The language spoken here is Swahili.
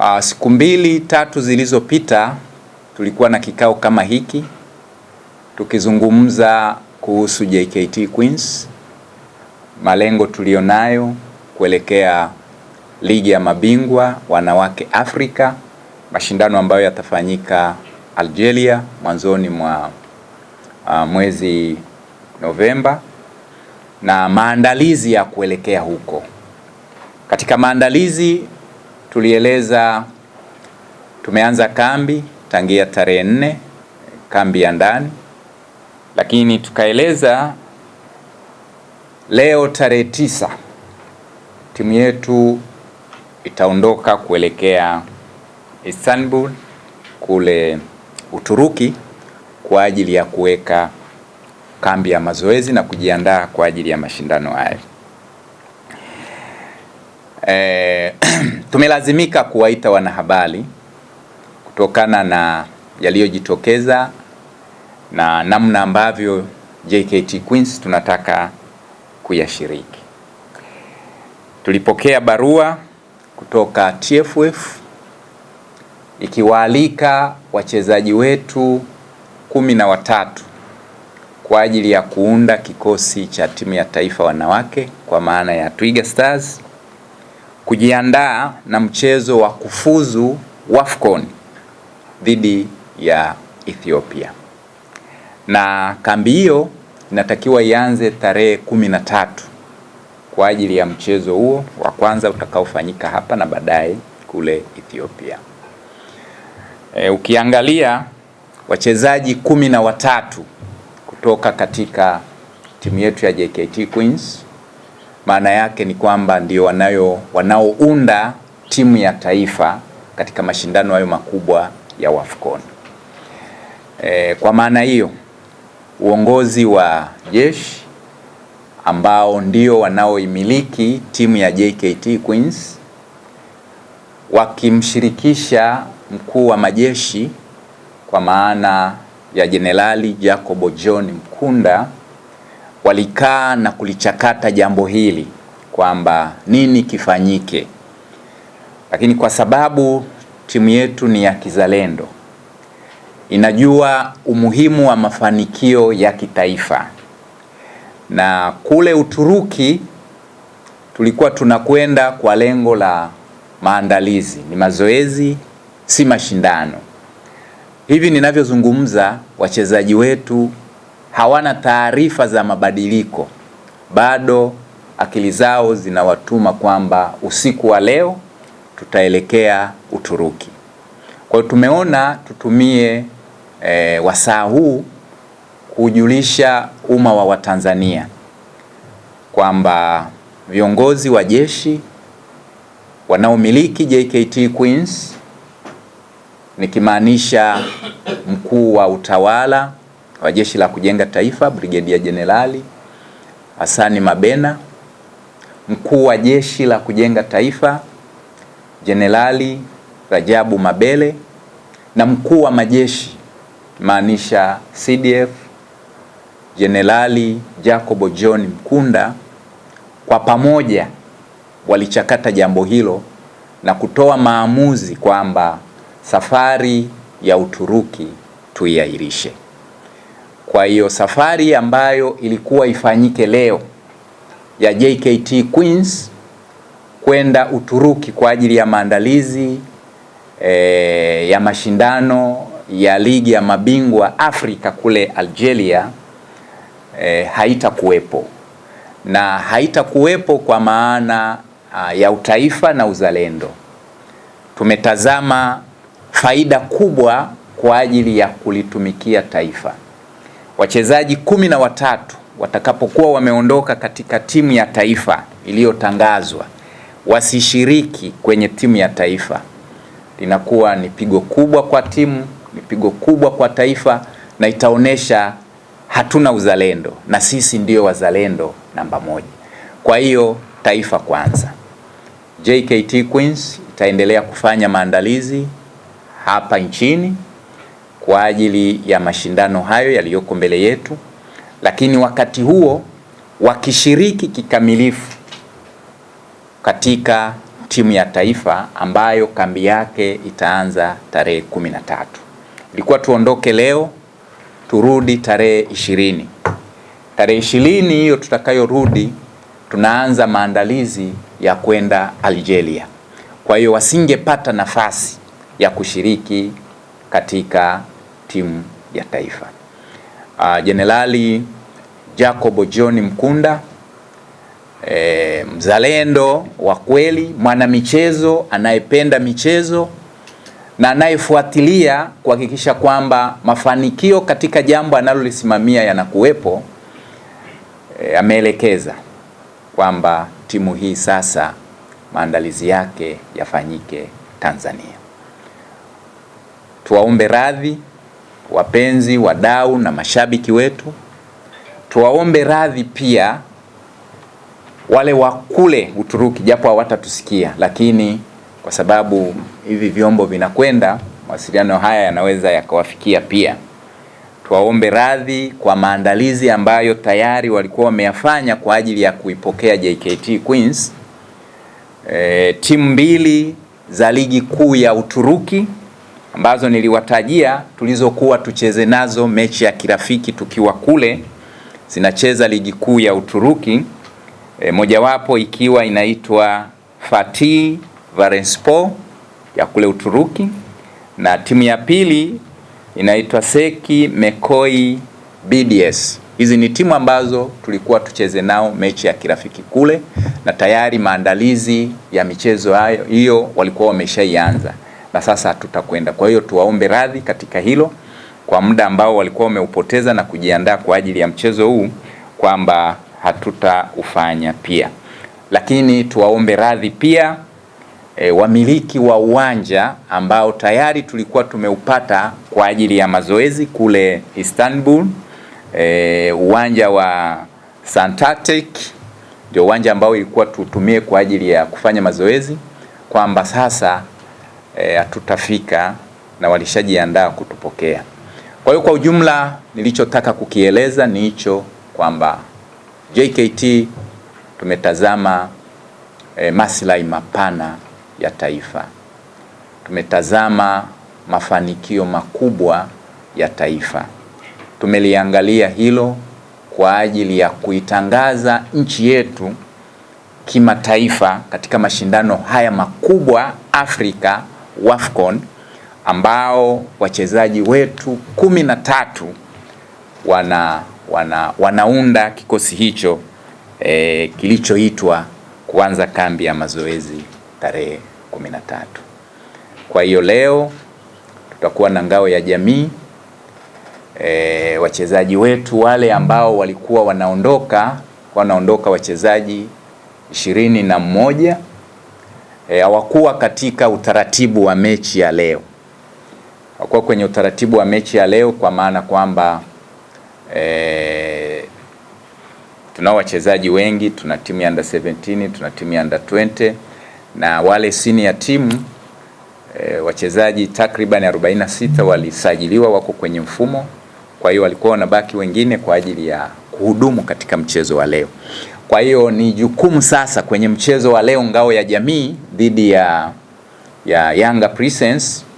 Uh, siku mbili tatu zilizopita tulikuwa na kikao kama hiki tukizungumza kuhusu JKT Queens, malengo tulionayo kuelekea ligi ya mabingwa wanawake Afrika, mashindano ambayo yatafanyika Algeria mwanzoni mwa uh, mwezi Novemba na maandalizi ya kuelekea huko. Katika maandalizi tulieleza tumeanza kambi tangia tarehe nne, kambi ya ndani, lakini tukaeleza leo tarehe tisa timu yetu itaondoka kuelekea Istanbul kule Uturuki kwa ajili ya kuweka kambi ya mazoezi na kujiandaa kwa ajili ya mashindano hayo. Eh, Tumelazimika kuwaita wanahabari kutokana na yaliyojitokeza na namna ambavyo JKT Queens tunataka kuyashiriki. Tulipokea barua kutoka TFF ikiwaalika wachezaji wetu kumi na watatu kwa ajili ya kuunda kikosi cha timu ya taifa wanawake kwa maana ya Twiga Stars kujiandaa na mchezo wa kufuzu WAFCON dhidi ya Ethiopia, na kambi hiyo inatakiwa ianze tarehe kumi na tatu kwa ajili ya mchezo huo wa kwanza utakaofanyika hapa na baadaye kule Ethiopia. E, ukiangalia wachezaji kumi na watatu kutoka katika timu yetu ya JKT Queens maana yake ni kwamba ndio wanayo wanaounda timu ya taifa katika mashindano hayo makubwa ya WAFCON. E, kwa maana hiyo uongozi wa jeshi ambao ndio wanaoimiliki timu ya JKT Queens wakimshirikisha mkuu wa majeshi kwa maana ya Jenerali Jacobo John Mkunda walikaa na kulichakata jambo hili kwamba nini kifanyike, lakini kwa sababu timu yetu ni ya kizalendo, inajua umuhimu wa mafanikio ya kitaifa, na kule Uturuki tulikuwa tunakwenda kwa lengo la maandalizi, ni mazoezi, si mashindano. Hivi ninavyozungumza, wachezaji wetu hawana taarifa za mabadiliko, bado akili zao zinawatuma kwamba usiku wa leo tutaelekea Uturuki. Kwa hiyo tumeona tutumie e, wasaa huu kujulisha umma wa Watanzania kwamba viongozi wa jeshi wanaomiliki JKT Queens nikimaanisha mkuu wa utawala wa Jeshi la Kujenga Taifa Brigedia Jenerali Hasani Mabena, mkuu wa Jeshi la Kujenga Taifa Jenerali Rajabu Mabele na mkuu wa majeshi maanisha CDF Jenerali Jacobo John Mkunda, kwa pamoja walichakata jambo hilo na kutoa maamuzi kwamba safari ya Uturuki tuiahirishe. Kwa hiyo safari ambayo ilikuwa ifanyike leo ya JKT Queens kwenda Uturuki kwa ajili ya maandalizi e, ya mashindano ya ligi ya mabingwa Afrika kule Algeria e, haitakuwepo na haitakuwepo kwa maana a, ah, ya utaifa na uzalendo. Tumetazama faida kubwa kwa ajili ya kulitumikia taifa wachezaji kumi na watatu watakapokuwa wameondoka katika timu ya taifa iliyotangazwa wasishiriki kwenye timu ya taifa, linakuwa ni pigo kubwa kwa timu, ni pigo kubwa kwa taifa, na itaonesha hatuna uzalendo, na sisi ndiyo wazalendo namba moja. Kwa hiyo taifa kwanza. JKT Queens itaendelea kufanya maandalizi hapa nchini kwa ajili ya mashindano hayo yaliyoko mbele yetu, lakini wakati huo wakishiriki kikamilifu katika timu ya taifa ambayo kambi yake itaanza tarehe kumi na tatu. Ilikuwa tuondoke leo turudi tarehe ishirini. Tarehe ishirini hiyo tutakayorudi, tunaanza maandalizi ya kwenda Algeria. Kwa hiyo wasingepata nafasi ya kushiriki katika timu ya taifa. Ah, Jenerali Jacob John Mkunda e, mzalendo wa kweli, mwanamichezo anayependa michezo na anayefuatilia kuhakikisha kwamba mafanikio katika jambo analolisimamia yanakuwepo. E, ameelekeza kwamba timu hii sasa maandalizi yake yafanyike Tanzania. Tuwaombe radhi wapenzi, wadau na mashabiki wetu. Tuwaombe radhi pia wale wa kule Uturuki, japo hawatatusikia, lakini kwa sababu hivi vyombo vinakwenda, mawasiliano haya yanaweza yakawafikia pia. Tuwaombe radhi kwa maandalizi ambayo tayari walikuwa wameyafanya kwa ajili ya kuipokea JKT Queens, e, timu mbili za ligi kuu ya Uturuki ambazo niliwatajia tulizokuwa tucheze nazo mechi ya kirafiki tukiwa kule, zinacheza ligi kuu ya Uturuki. E, mojawapo ikiwa inaitwa Fatih Varenspor ya kule Uturuki na timu ya pili inaitwa Seki Mekoi BDS. Hizi ni timu ambazo tulikuwa tucheze nao mechi ya kirafiki kule, na tayari maandalizi ya michezo hayo hiyo walikuwa wameshaianza na sasa tutakwenda. Kwa hiyo tuwaombe radhi katika hilo kwa muda ambao walikuwa wameupoteza na kujiandaa kwa ajili ya mchezo huu kwamba hatutaufanya pia, lakini tuwaombe radhi pia e, wamiliki wa uwanja ambao tayari tulikuwa tumeupata kwa ajili ya mazoezi kule Istanbul. E, uwanja wa Santatek ndio uwanja ambao ilikuwa tutumie kwa ajili ya kufanya mazoezi, kwamba sasa E, hatutafika e, na walishajiandaa kutupokea. Kwa hiyo kwa ujumla nilichotaka kukieleza ni hicho kwamba JKT tumetazama e, maslahi mapana ya taifa, tumetazama mafanikio makubwa ya taifa, tumeliangalia hilo kwa ajili ya kuitangaza nchi yetu kimataifa katika mashindano haya makubwa Afrika. WAFCON ambao wachezaji wetu kumi na tatu wana, wana, wanaunda kikosi hicho e, kilichoitwa kuanza kambi ya mazoezi tarehe kumi na tatu. Kwa hiyo leo tutakuwa na ngao ya jamii e, wachezaji wetu wale ambao walikuwa wanaondoka wanaondoka wachezaji ishirini na mmoja Eh, hawakuwa e, katika utaratibu wa mechi ya leo, hawakuwa kwenye utaratibu wa mechi ya leo kwa maana kwamba e, tunao wachezaji wengi, tuna timu ya under 17, tuna timu ya under 20 na wale senior timu e, eh, wachezaji takriban 46 walisajiliwa wako kwenye mfumo, kwa hiyo walikuwa wanabaki wengine kwa ajili ya kuhudumu katika mchezo wa leo. Kwa hiyo ni jukumu sasa kwenye mchezo wa leo ngao ya jamii dhidi ya, ya Yanga Presence